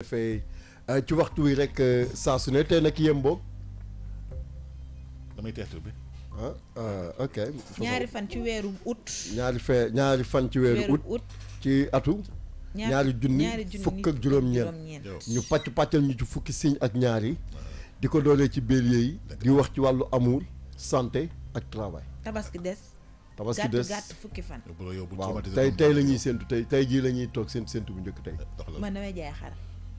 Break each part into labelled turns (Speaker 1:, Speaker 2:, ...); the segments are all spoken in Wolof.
Speaker 1: defee euh, ci waxtu wi rek euh, saa su ne tey nag yembook boog. bi. ah euh, ok. ñaari fan ci weeru août. ñaari fee ñaari fan ci weeru août. ci atu. ñaari junni fukk ak juróom-ñeent ñu pàcc pàccal ñu ci fukki signe ak ñaari di ko doolee ci bélier yi. di wax ci wàllu amour santé ak travail. tabaski des. tabaski des gàtt fukki fan. waaw tey tey la ñuy séntu tey tey jii la ñuy toog seen séntu bu njëkk tey. Eh, man damay jaay xar.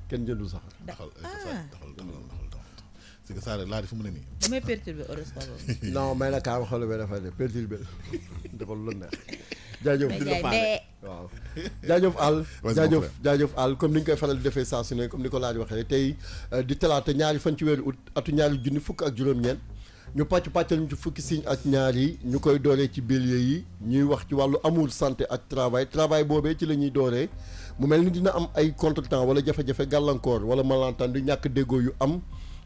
Speaker 1: kenn jëndul saxar. daxal daxal ah. daxal daxal daxal. parce mu ne nii. damay perturbé horoscope non mais nag kaam xool bi dafa ne perturbé dafa lu neex. jaajëf di àll jaajëf jaajëf àll comme ni ñu koy faral di defee saa su ne comme ni ko laaj waxee tey euh, di talaata ñaari fan ci weeru atu ñaari junni fukk ak juróom ñeen ñu pàcc pàccal ñu ci fukki signe ak ñaar yi ñu koy dooree ci bélier yi ñuy wax ci wàllu amul santé ak travail travail boobee ci la ñuy dooree mu mel ni dina am ay contretemps wala jafe-jafe gàllankoor wala yu ñàkk déggoo yu am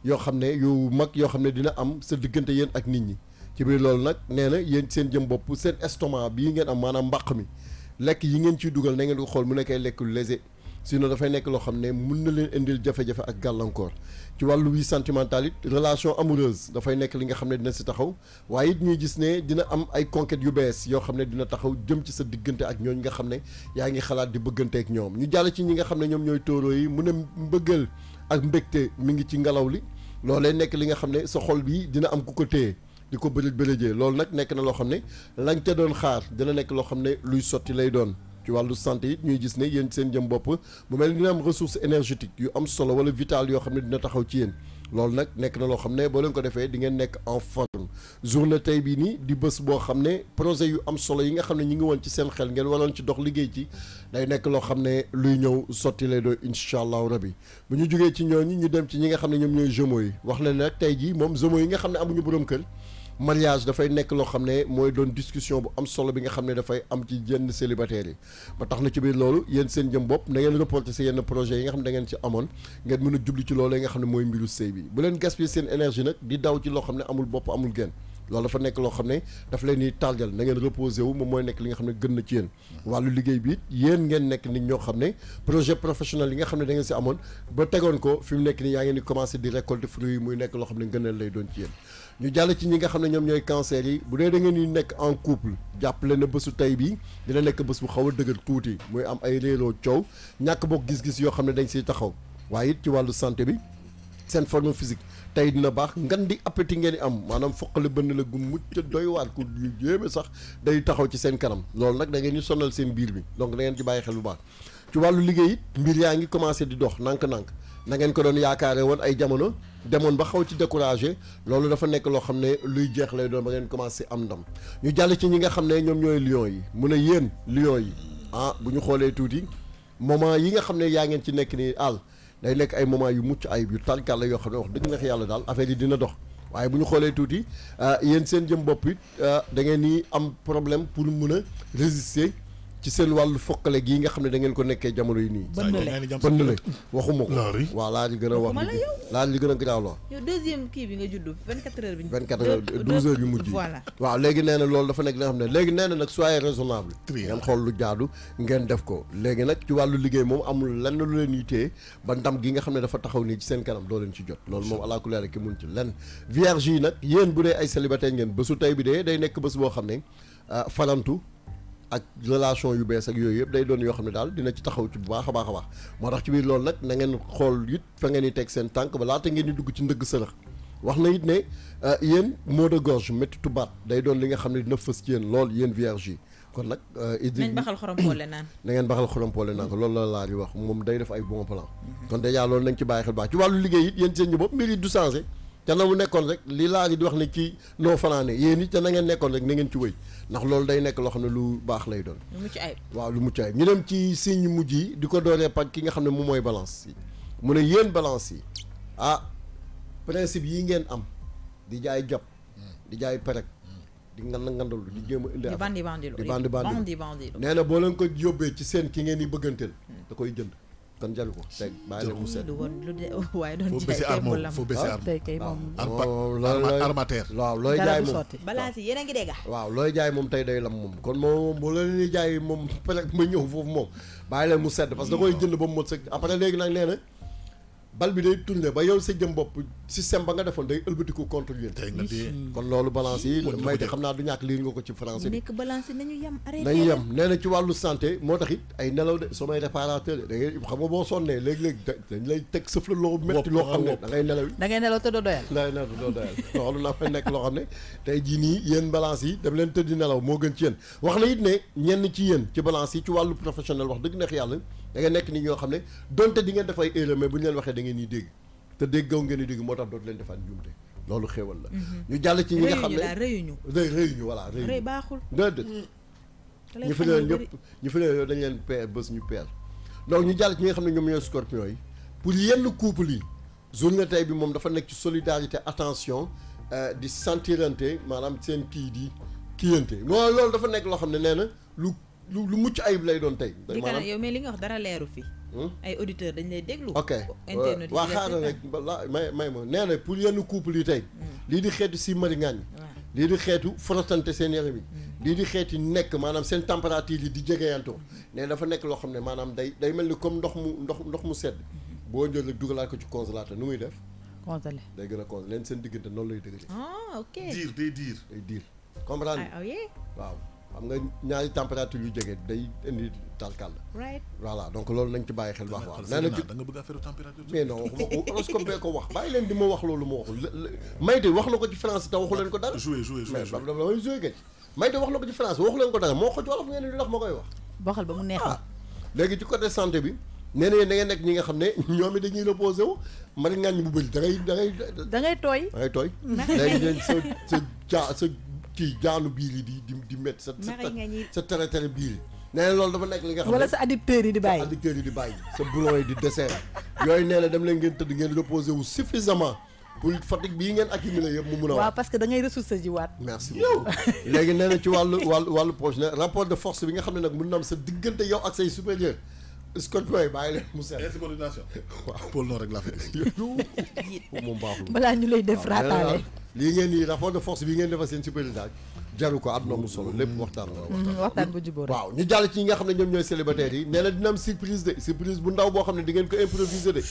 Speaker 1: yoo xam ne yu mag yoo xam ne dina am sa diggante yéen ak nit ñi ci biir loolu nag nee na yéen seen jëm bopp seen estomac bii ngeen am maanaam mbàq mi lekk yi ngeen ciy dugal na ngeen ko xool mu nekkee lekk léger sinon dafay nekk loo xam ne mun na leen indil jafe-jafe ak gàllankoor ci wàllu wii sentimental it relation amoureuse dafay nekk li nga xam ne dina si taxaw waaye it ñuy gis ne dina am ay conquêtes yu bees yoo xam ne dina taxaw jëm ci sa diggante ak ñooñu nga xam ne yaa ngi xalaat di bëgganteek ñoom ñu jàll ci ñi nga xam ne ñoom ñooy tóoro yi mu ne mbëggal ak mbegte mi ngi ci ngelaw li loolee nekk li nga xam ne sa xol bii dina am ku ko téye di ko bërëj bërëjee loolu nag nekk na loo xam ne lañ ca doon xaar dina nekk loo xam ne luy sotti lay doon ci wàllu santé it ñuy gis ne yéen seen jëm bopp mu mel ni dina am ressource énergétique yu am solo wala vital yoo xam ne dina taxaw ci yéen loolu nag nekk na loo xam ne boo leen ko defee di ngeen nekk en forme journée tey bii nii di bés boo xam ne projet yu am solo yi nga xam ne ñi ngi woon ci seen xel ngeen waroon ci dox liggéey ci day nekk loo xam ne luy ñëw sotti lay doon incha allahu rabi bu ñu jógee ci ñooñu ñu dem ci ñi nga xam ne ñoom ñooy jeunes yi wax leen nag tey jii moom jeunes yi nga xam ne amuñu borom kër. mariage dafay nekk loo xam ne mooy doon discussion bu am solo bi nga xam ne dafay am ci jenn célibataires yi ba tax na ci biir loolu yéen seen jëm bopp na ngeen reporté si yenn projet yi nga xam ne da ci amoon ngeen mën a jubli ci loolu yi nga xam ne mooy mbiru sëy bi bu leen gaspiller seen énergie nag di daw ci loo xam ne amul bopp amul genn loolu dafa nekk loo xam ne daf leen di tardel na ngeen reposé wu moom mooy nekk li nga xam ne gën na ci yéen wàllu liggéey bi it yéen ngeen nekk nit ñoo xam ne projet professionnel yi nga xam ne da si amoon ba tegoon ko fi mu nekk nii yaa ngeen di commencé di récolter fruits yi muy nekk loo xam ne gënal lay doon ci yéen ñu jàll ci ñi nga xam ne ñoom ñooy cancer yi bu dee da ngeen di nekk en couple jàppale na bésu tey bi dina nekk bés bu xaw a dëgër tuuti muy am ay réeroo coow ñàkk bokk gis-gis yoo xam ne dañ siy taxaw waaye ci wàllu santé bi seen forme physique tey dina baax ngan di appétit ngeen di am maanaam foqale bënn la gu mucc doy waar ku yéeme sax day taxaw ci seen kanam loolu nag da ngeen ñu sonal seen biir bi donc da ngeen ci bàyyi xel bu baax ci wàllu liggéey it mbir yaa ngi commencé di dox nank nànk nangeen ko doon yaakaare woon ay jamono demoon ba xaw ci découragé loolu dafa nekk loo xam ne luy jeex lay doon ba ngeen commencé am ndam ñu jàll ci ñi nga xam ne ñoom ñooy lion yi mu ne yéen lion yi ah bu ñu xoolee tuuti moment yi nga xam ne yaa ngeen ci nekk nii àll day lekk ay moment yu mucc ayib yu tànkàlla yoo xam ne wax dëgg neex yàlla daal affaire yi dina dox waaye bu ñu xoolee tuuti ah, yéen seen jëm bopp it ah, da ngeen ni am problème pour mun a résister. ci seen wàllu foqale gii nga xam ne dangeen ko nekkee jamono yi nii. bënd la waxuma ko. waaw laaj li gën a wax. laaj li gën a garaaw la. yow kii bi nga judd 24 heures bi. yu mujj yi waaw léegi nee na loolu dafa nekk li xam ne léegi nee na nag soyez raisonnable. ngeen xool lu jaadu ngeen def ko. léegi nag ci wàllu liggéey moom amul lenn lu leen yittee ba ndam gi nga xam ne dafa taxaw nii ci seen kanam doo leen ci jot. loolu moom alaa kulli ki mun ci lenn vierge nag yéen bu dee ay célibataire ngeen bésu tey bi dee day nekk bés boo xam ne euh, farantu ak relation yu bees ak yooyu yëpp day doon yoo xam ne daal dina ci taxaw ci bu baax a baax a baax moo tax ci biir loolu nag na ngeen xool it fa ngeen di teg seen tànk ba laata ngeen di dugg ci ndëgg sëlëx wax na it ne euh, yéen mot gorge méttitu baat day doon li nga xam ne dina fës ci yéen lool yéen vierge yi kon nag. Euh, Idr baxal xorompoole naan. na ngeen baxal xorompoole naan ko loolu la laa di wax moom day def ay bon plan. kon dèjà loolu nañ ci bàyyi xel baax ci wàllu liggéey it yéen seen ñu bopp ca na mu nekkoon rek li laa di wax ne ci noo fanaane yéen it ca na ngeen nekkoon rek na ngeen ci wéy ndax loolu day nekk loo xam ne lu baax lay doon. lu mucc ayib waaw lu mucc ayib ñu dem ci signe mujj yi di ko dooree pàcc ki nga xam ne moom mooy balance mu ne yéen balance yi ah principe yi ngeen am di jaay jàpp di jaay perek di ngand ngandalu di jéem a indi di bandi bandilu di bandi bandilu nee na boo leen ko yóbbee ci seen ki ngeen di bëgganteel da koy jënd. kon jaru ko teg bàyyi la mu set waaye doon jaay moom foo bese ah. arme tey kay moom ah. armateur waaw looy jaay moom balance yi yéen a ngi dégg waaw looy jaay moom tey day lam moom kon moom bu la leen jaay moom peut-être ma ñëw foofu moom bàyyi mu sedd parce que da koy jënd ba mu mot sëg après léegi nag nee bal bi day tourné ba yow sa jëm bopp système ba nga defoon day ëlbatiku contre yéen. tey nga dee kon loolu balance yi. may te xam naa du ñàkk liir nga ko ci français bi. nekk balance yi nañu yem. arrêté nañu yem nee na ci wàllu santé moo tax it ay nelaw de sommeil réparateur da xam nga boo sonnee léeg-léeg dañ lay teg sëf la loo métti loo xam ne da ngay nelaw. da ngay nelaw te doo doyal. nelaw te doo doyal loolu na fa nekk loo xam ne tey jii nii yéen balance yi dem leen tëddi nelaw moo gën ci n wax na it ne ñenn ci yéen ci balance yi ci wàllu professionnel wax dëgg neex yàlla danga nekk nit ñoo xam ne donte di ngeen def ay erreur bu ñu leen waxee da ngeen ñuy dégg te dégg gaw ngeen di dégg moo tax dootu leen defaat njuumte loolu xéewal la. Mm-hmm. ñu jàll ci ñi nga xam ne réyuñu la réyuñu voilà réyuñu. réy mm. ñu fi ne ñu fi ne dañu leen peer bés ñu peer donc ñu jàll ci ñi nga xam ne ñoom ñooy scorpion yi pour yenn couple yi journée tey bi moom dafa nekk ci solidarité attention euh, di sentirante maanaam seen kii di kiyante moo loolu dafa nekk loo xam ne nee na lu lu lu mucc ayib lay doon tey. maanaam yow mais li nga wax dara leeru fi. Hmm? ay auditeurs dañ lay déglu. ok waa xaaral rek may may ma nee na pour yenn couple yi tey. Hmm. lii di xeetu si mari ngaañ. lii di xeetu frottante seen yaram yi. Hmm. lii di xeeti nekk maanaam seen température yi di jegeyantoo ne dafa nekk loo xam ne maanaam day day mel ni comme ndox mu ndox ndox mu sedd boo jël rek dugalaat ko ci congélateur nu muy def. congelé day gën a congelé leen seen diggante noonu lay dëgëlee. ah ok diir day diir. day diir comprendre ah, ah, waaw. xam nga ñaari température yu jege day indi tarkal right voilà donc loolu nañ ci bàyyi xel baax baax ci da nga bëgg affaire température mais non waxuma ko horoscope wax bàyyi leen di ma wax loolu ma waxul Mayte wax ci France te waxu leen wax na ko ci France waxu leen ko dara moo ko ci wolof ngeen di ndax ma koy wax boxal ba mu ah, ci côté santé bi nee na da ngeen nga xam ne ñoom it dañuy reposé wu mën bu bëri da ngay da ngay da tooy da ngay tooy ci jaanu biir yi di di di métti sa sa tere tere biir yi nee loolu dafa nekk li nga xam ne sa addicteurs yi di bàyyi yi di bàyyi sa boulon yi di dessert yooyu nee ngeen tëdd ngeen reposé wu suffisamment pour fatigue bii ngeen accumulé mu mun a waaw parce que da ngay ressource ji waat merci beaucoup léegi nee na wàllu wàllu wàllu proche force bi nga xam ne nag mun na am sa diggante yow ak say supérieur scorpion yi bàyyi leen mu seet coordination waaw laa ñu lay def raataale lii ngeen di rapport de force bii ngeen defal seen si président jaru ko am na mu solo lépp waxtaan mm-hmm, waaw ñu jàll ci ñi nga xam ne ñoom ñooy célibataires yi nee na dina surprise de surprise bu ndaw boo xam ne di ngeen ko improviser de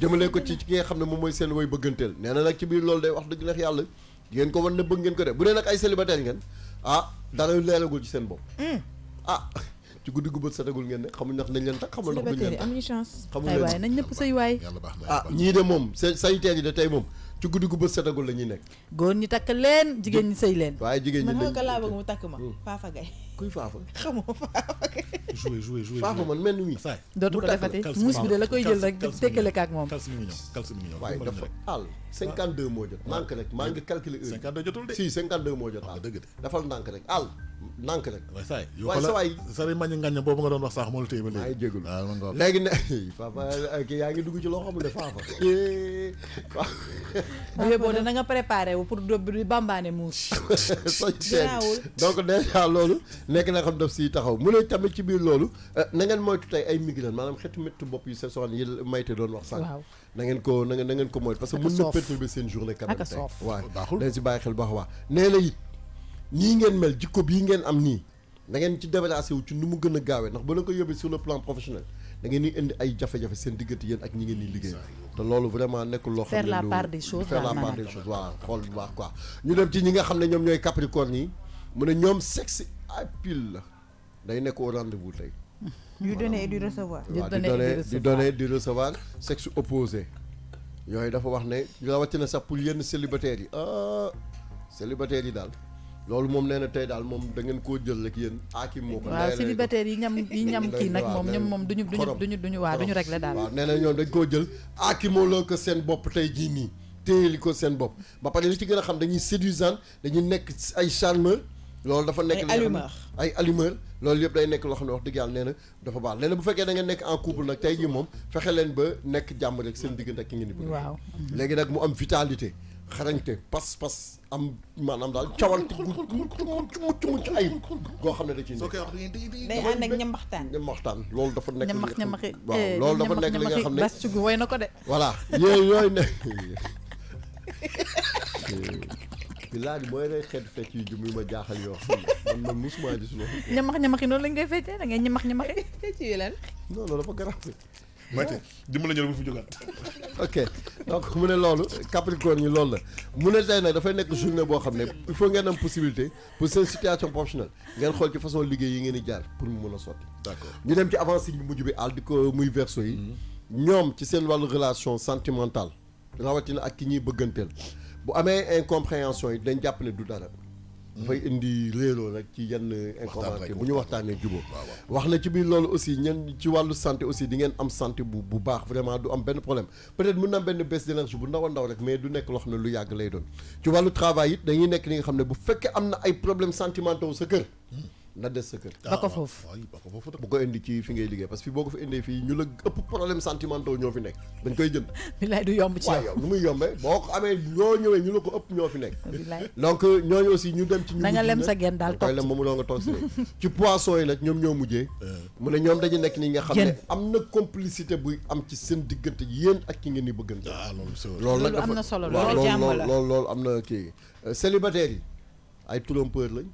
Speaker 1: jëmale ko ci ki nga xam ne moom mooy seen way bëgganteel nee na nag ci biir loolu day wax dëgg neex yàlla di ngeen ko wan ne bëgg ngeen ko de bu dee nag ay célibataire ngeen ah dara leeragul ci seen bopp mm. ah. ci guddi gu bët setagul ngeen ne xamuñ ndax nañ leen takk xamuñ ndax duñ leen takk amuñu chance xamuñ leen waaye nañ nëpp sëy waay ah ñii de moom sa nekk leen sëy waaye jigéen ñi man ko laa bëgg mu takk ma hmm. faafa gay kuy faafa xamoo faafa faafa man mel wii dootu ko defati muus bi de la koy jël rek tekkale ak moom waaye dafa àll 52 ah. moo jot ah. manque rek maa ngi calculer heure 52 de si ah, de dafal ndànk rek àll nànk rek waaye saa yi waaye sa waay sari mañ ngañ boobu nga doon wax sax moo la téye ba léegi. jégalu léegi ne kii yaa ngi dugg ci loxoom de Fafa. bu yeboo de na nga préparé wu pour dóob bi bambaane muus. socc seen donc dèjà loolu nekk na xam daf siy taxaw mu ne tamit ci biir loolu eh, na ngeen moytu tey ay migraine maanaam xeetu méttu bopp yu seen soxna yi mayte doon wax sànq. waaw na ngeen ko na ngeen ko moytu. parce que mën na perturber seen journée. quand même tey waaw dañ si bàyyi xel baax a baax nee na it nii ngeen mel jikko bii ngeen am nii da ngeen ci débarrassé wu ci nu mu gën a gaawee ndax ba la ko yóbbee sur le plan professionnel da di indi ay jafe-jafe seen diggante yéen ak ñi ngeen di liggéey te loolu vraiment nekkul loo xam ne faire la part xool bu baax quoi ñu dem ci ñi nga xam ne ñoom ñooy capricorne yi mu ne ñoom sexe appeal la day nekk au rendez-vous tey yu donner et du recevoir di donner di recevoir sexe opposé yooyu dafa wax ne rawatina sax pour yenn célibataires yi ah célibataires yi daal loolu moom nee na tey daal moom dangeen ngeen koo jël rek yéen aakim moo ko waaw yi ñam yi ñam kii nag moom ñoom moom duñu duñu duñu duñu waa duñu régler daal waaw na ñoom dañ koo jël aakimoo loo ko seen bopp tey jii nii li ko seen bopp ba pare li ci gën a xam dañuy séduisant dañuy nekk ay charmeur loolu dafa nekk ay allumeur ay allumeur loolu yëpp day nekk loo xam ne wax dëgg yàlla dafa baax nee bu fekkee da nekk en couple nag tey jii moom fexe leen ba nekk jàmm rek seen diggante ak ki ngeen di bëgg waaw léegi nag mu am vitalité xarañte pas-pas am maanaam daal cawante gu mucc mucc ayib goo xam ne da ciy nekk. day ànd ak ñambaxtaan ñambaxtaan loolu dafa nekk. ñambax ñambaxi waaw eh, loolu dafa nekk li nga xam ne bas sugu woy na ko de. voilà yooyu yooyu ne. bilaay mooy lay xeet fecc yu jum yu ma jaaxal yoo xam ne man man musuma gis loolu. ñamax ñamaxi noonu lañ koy feccee da ngay ñamax ñamaxi. fecc yi lan. non loolu dafa garaaw. Maite dimbali ñu la bu fi jógaat. ok. donc mu ne loolu Capricorne yi lool la mu ne tey nag dafay nekk journée boo xam ne il faut ngeen am possibilité pour seen situation professionnelle ngeen xool ci façon liggéey yi ngeen di jaar pour mu mën a sotti. d'accord ñu dem ci avancé bi mujj bi àll di ko muy verso yi. Mm-hmm. ñoom ci seen wàllu relation santimental rawatina ak ki ñuy bëgganteel bu amee incompréhension yi dañ jàpp ne du dara. dafay indi réeroo rek ci yenn information bu ñu waxtaanee jubóo wax na ci biir loolu aussi ñen ci wàllu santé aussi di ngeen am santé bu bu baax vraiment du am benn problème peut-être mën na am benn baisse d'énergie bu ndaw a ndaw rek mais du nekk loo xam ne lu yàgg lay doon ci wàllu travail it dañuy nekk li nga xam ne bu fekkee am na ay problèmes sentimentaux sa kër na des sa kër. ba ko foofu ah, bu ko indi ci fi ngay liggéey parce que fii boo ko fi indee fii ñu la ëpp problème sentimentaux ñoo fi nekk dañ koy jënd. bilaay du yomb ci yow waaw muy yombee boo ko amee ñoo ñëwee ñu la ko ëpp ñoo fi nekk. donc ñooñu aussi ñu dem ci. ñu mujj nga lem sa gen daal toog ci lem moom nga toog si ci poisson yi nag ñoom ñoo mujjee. Eh. mu ne ñoom dañu nekk nii nga xam ne am na complicité buy am ci seen diggante yéen ak ki ngeen di bëgg ah, waaw loolu loolu am na solo loolu jàmm la loolu am na kii euh, célibataire yi ay trompeur lañ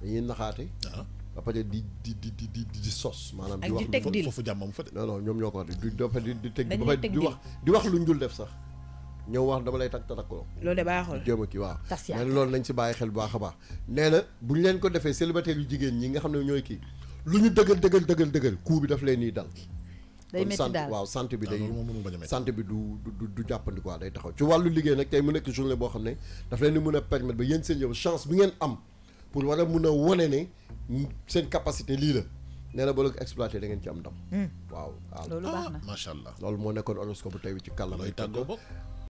Speaker 1: dañuy naxaate. Ah. ba pare di di di di di maanaam di wax ak di teg dil foofu jàmmam ñoom ñoo ko wax di di di teg wax lu ñu dul def sax. ñëw wax dama lay takk tatakkuloo. loolu de a kii waaw. tas yaakaar nañ si bàyyi xel bu baax a baax. nee na bu ñu leen ko defee célibataire yu jigéen ñi nga xam ne ñooy kii lu ñu dëgër dëgër dëgër dëgër coup bi daf leen nii dal. day métti daal waaw sant bi ah, day sant bi du du du jàppandi quoi day taxaw ci wàllu liggéey nag tey mu nekk journée boo xam ne daf leen di mën a permettre ba yéen seen yow chance bi ngeen am pour war a mun a wane ne seen capacité lii la nee na exploité da ngeen ci am ndam. Hmm. waaw waaw loolu baax na ah, macha loolu moo nekkoon horoscope bu tey bi ci kàlla. looy tàggoo